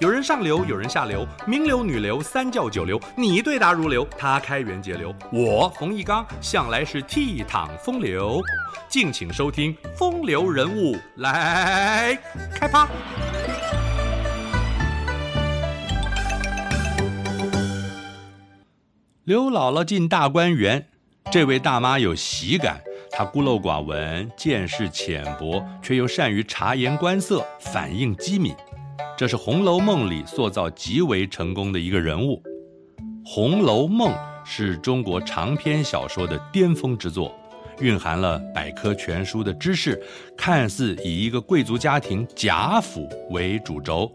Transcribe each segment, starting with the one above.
有人上流，有人下流，名流、女流、三教九流，你對答如流，他開源節流，我馮翊綱向來是倜儻風流。敬請收聽《風流人物》來，來開趴。劉姥姥進大觀園，這位大媽有喜感，她孤陋寡聞，見識淺薄，卻又善於察言觀色，反應機敏。這是《紅樓夢》裡塑造極為成功的一個人物，《紅樓夢》是中國長篇小說的巔峰之作，蘊含了百科全書的知識，看似以一個貴族家庭賈府為主軸，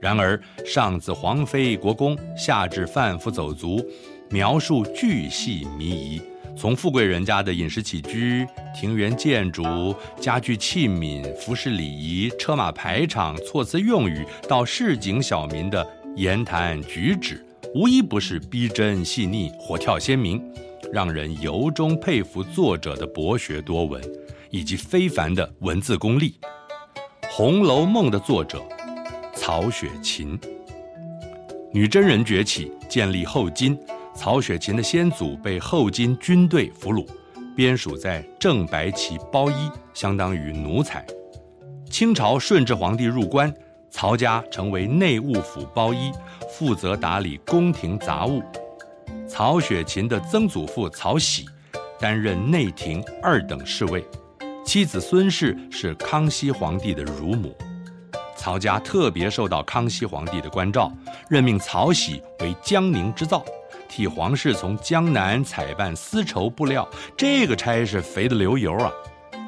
然而上自皇妃國公，下至販夫走卒，描述巨細靡遺。從富貴人家的飲食起居、庭園建築、家具器皿、服飾禮儀、車馬排場、措辭用語，到市井小民的言談舉止，無一不是逼真細膩、活跳鮮明，讓人由衷佩服作者的博學多聞以及非凡的文字功力。《紅樓夢》的作者，曹雪芹，女真人崛起，建立後金。曹雪芹的先祖被後金軍隊俘虜，編屬在正白旗包衣，相當於奴才。清朝順治皇帝入關，曹家成為內務府包衣，負責打理宮廷雜物。曹雪芹的曾祖父曹璽，擔任內廷二等侍衛，妻子孫氏是康熙皇帝的乳母。曹家特別受到康熙皇帝的關照，任命曹璽為江寧織造。替皇室從江南採辦絲綢布料，這個差事肥得流油啊！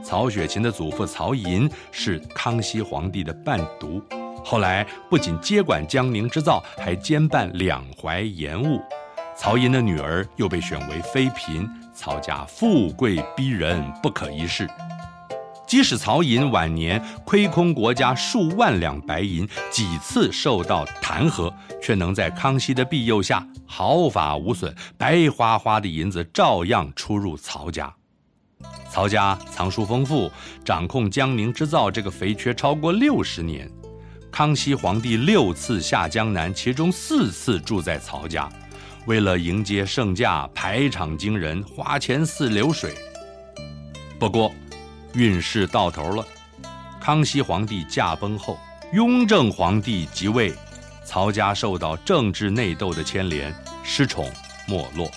曹雪芹的祖父曹寅是康熙皇帝的伴讀，後來不僅接管江寧織造，還兼辦兩淮鹽務。曹寅的女兒又被選為妃嬪，曹家富貴逼人，不可一世。即使曹寅晚年虧空國家數萬兩白銀，幾次受到彈劾，卻能在康熙的庇佑下毫髮無損，白花花的銀子照樣出入曹家。曹家藏書豐富，掌控江寧織造這個肥缺超過六十年。康熙皇帝六次下江南，其中四次住在曹家，為了迎接聖駕，排場驚人，花錢似流水。不過，運勢到頭了，康熙皇帝駕崩後，雍正皇帝即位，曹家受到政治內鬥的牽連，失寵沒落。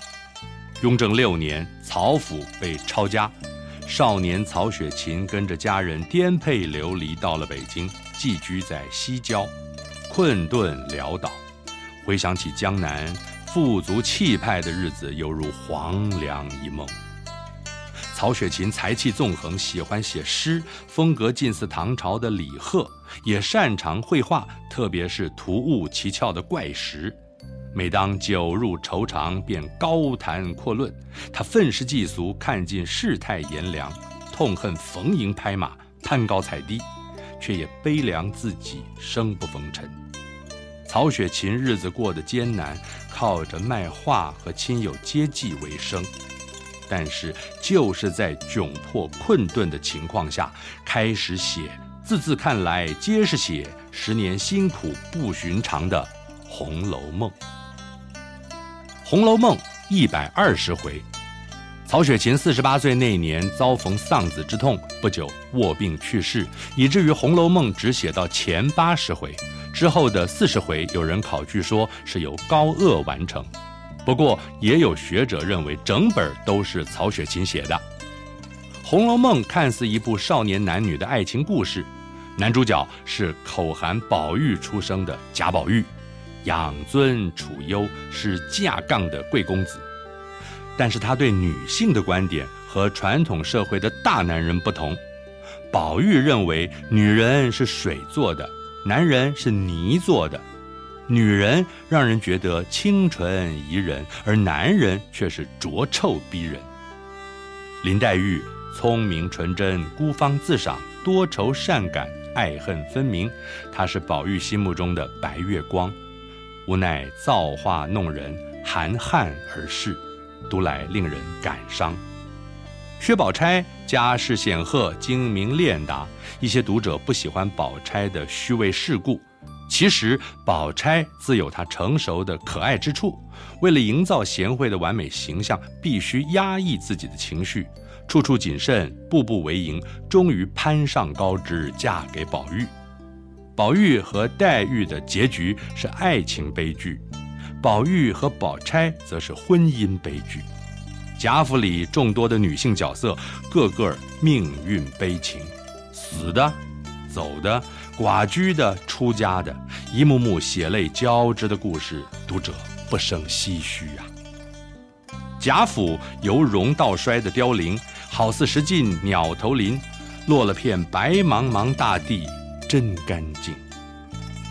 雍正六年，曹府被抄家，少年曹雪芹跟着家人顛沛流離到了北京，寄居在西郊，困頓潦倒倒。回想起江南富足氣派的日子，猶如黃粱一夢。曹雪芹才氣縱橫，喜歡寫詩，風格近似唐朝的李賀，也擅長繪畫，特別是突兀奇峭的怪石。每當酒入愁腸，便高談闊論。他憤世嫉俗，看盡世態炎涼，痛恨逢迎拍馬、攀高踩低，卻也悲涼自己生不逢辰。曹雪芹日子過得艱難，靠着賣畫和親友接濟為生。但是，就是在窘迫困頓的情況下，開始寫，字字看來皆是寫，十年辛苦不尋常的《紅樓夢》。《紅樓夢》一百二十回，曹雪芹四十八歲那年遭逢喪子之痛，不久臥病去世，以至於《紅樓夢》只寫到前八十回，之後的四十回，有人考據說是由高鶚完成。不過，也有學者認為整本都是曹雪芹寫的。《紅樓夢》看似一部少年男女的愛情故事，男主角是口含寶玉出生的賈寶玉，養尊處優是架槓的貴公子。但是他對女性的觀點和傳統社會的大男人不同，寶玉認為女人是水做的，男人是泥做的。女人讓人覺得清純宜人，而男人卻是濁臭逼人。林黛玉聰明純真，孤芳自賞，多愁善感，愛恨分明。她是寶玉心目中的白月光，無奈造化弄人，含憾而逝，讀來令人感傷。薛寶釵家世顯赫，精明練達，一些讀者不喜歡寶釵的虛偽世故。其實，寶釵自有她成熟的可愛之處。為了營造賢惠的完美形象，必須壓抑自己的情緒，處處謹慎，步步為營，終於攀上高枝，嫁給寶玉。寶玉和黛玉的結局是愛情悲劇，寶玉和寶釵則是婚姻悲劇。賈府裡眾多的女性角色，個個命運悲情，死的、走的、寡居的、出家的，一幕幕血淚交織的故事，讀者不勝唏噓啊。賈府由榮到衰的凋零，好似食盡鳥投林，落了片白茫茫大地真乾淨。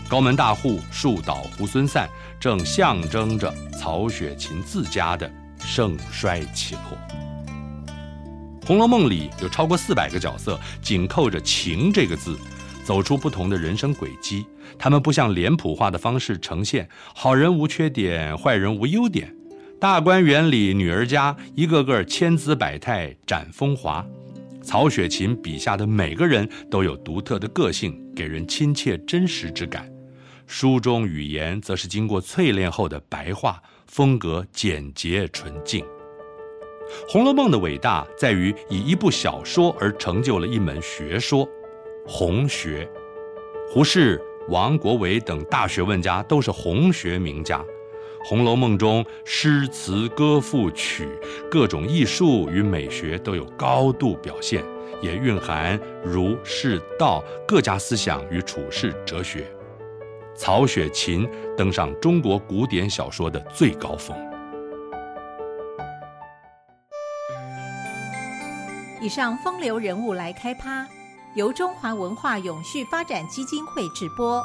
高門大戶樹倒猢猻散，正象徵着曹雪芹自家的盛衰起落。《紅樓夢》裡有超過四百個角色，緊扣着“情”這個字。走出不同的人生軌跡，他們不像臉譜化的方式呈現，好人無缺點，壞人無優點。大觀園裡女兒家一個個千姿百態展風華，曹雪芹筆下的每個人都有獨特的個性，給人親切真實之感。書中語言則是經過淬煉後的白話，風格簡潔純淨。《紅樓夢》的偉大在於以一部小說而成就了一門學說。紅學，胡適、王國維等大學問家都是紅學名家。《紅樓夢》中詩詞歌賦曲，各種藝術與美學都有高度表現，也蘊含儒、釋、道各家思想與處世哲學。曹雪芹登上中國古典小說的最高峰。以上風流人物來開趴。由中華文化永續發展基金會直播。